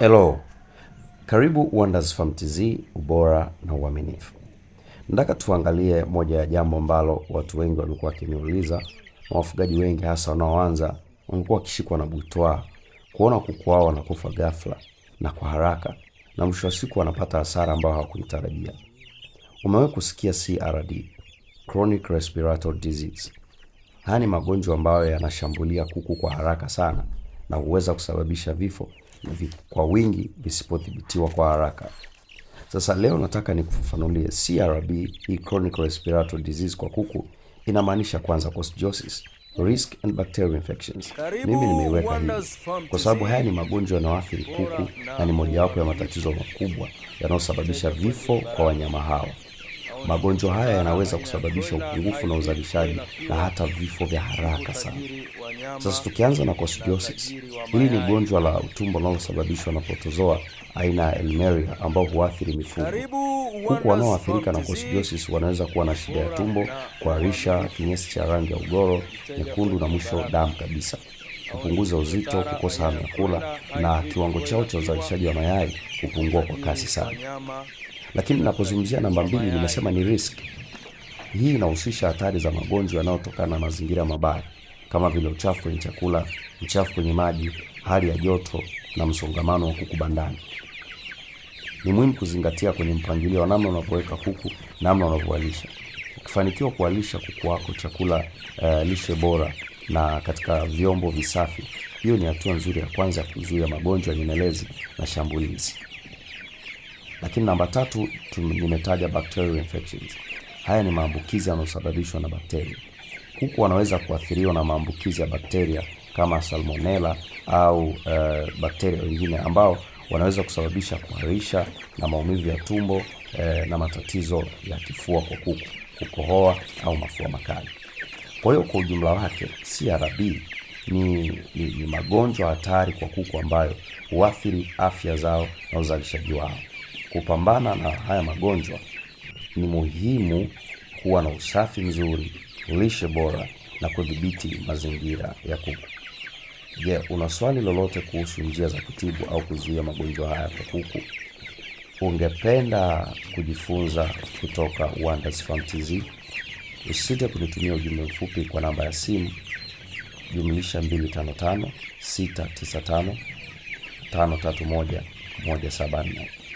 Hello. Karibu Wonders Farm TZ, ubora na uaminifu. Nataka tuangalie moja ya jambo ambalo watu wengi walikuwa wakiniuliza na wafugaji wengi hasa wanaoanza wamekuwa wakishikwa na butwaa, kuona kuku wao wanakufa ghafla na kwa haraka, na mwisho wa siku wanapata hasara ambayo hawakuitarajia. Umewahi kusikia CRD, Chronic Respiratory Disease? Haya ni magonjwa ambayo yanashambulia kuku kwa haraka sana na huweza kusababisha vifo kwa wingi visipothibitiwa kwa haraka. Sasa leo nataka nikufafanulie CRB, hii e chronic respiratory disease kwa kuku inamaanisha kwanza coccidiosis, risk and bacterial infections. Mimi nimeiweka hivi kwa sababu haya ni magonjwa yanayoathiri kuku na ni mojawapo ya matatizo makubwa yanayosababisha vifo kwa wanyama hawa. Magonjwa haya yanaweza kusababisha upungufu na uzalishaji na hata vifo vya haraka sana. Sasa tukianza na coccidiosis, hili ni gonjwa la utumbo linalosababishwa na protozoa aina ya elmeria ambao huathiri mifugo. Huku wanaoathirika na coccidiosis wanaweza kuwa na shida ya tumbo, kuharisha, kinyesi cha rangi ya ugoro nyekundu, na mwisho damu kabisa, kupunguza uzito, kukosa hamu ya kula, na kiwango chao cha uzalishaji wa mayai kupungua kwa kasi sana. Lakini ninapozungumzia namba mbili, nimesema ni risk. Hii inahusisha hatari za magonjwa yanayotokana na mazingira mabaya kama vile uchafu kwenye chakula, uchafu kwenye maji, hali ya joto na msongamano wa kuku bandani. Ni muhimu kuzingatia kwenye mpangilio wa namna unavyoweka kuku, namna unavyowalisha. Ukifanikiwa kuwalisha kuku wako chakula uh, lishe bora na katika vyombo visafi, hiyo ni hatua nzuri ya kwanza ya kuzuia magonjwa nyemelezi na shambulizi. Lakini namba tatu, nimetaja bacterial infections. Haya ni maambukizi yanayosababishwa na bakteria. Kuku wanaweza kuathiriwa na maambukizi ya bakteria kama salmonella au uh, bakteria wengine ambao wanaweza kusababisha kuharisha na maumivu ya tumbo e, na matatizo ya kifua kwa kuku, kukohoa au mafua makali. Kwa hiyo kwa ujumla wake CRB ni, ni, ni magonjwa hatari kwa kuku ambayo huathiri afya zao na uzalishaji wao kupambana na haya magonjwa ni muhimu kuwa na usafi mzuri, lishe bora na kudhibiti mazingira ya kuku. Je, yeah, una swali lolote kuhusu njia za kutibu au kuzuia magonjwa haya kwa kuku? Ungependa kujifunza kutoka Wonders Farm TZ? Usite kunitumia ujumbe mfupi kwa namba ya simu jumlisha 255 695 531 174.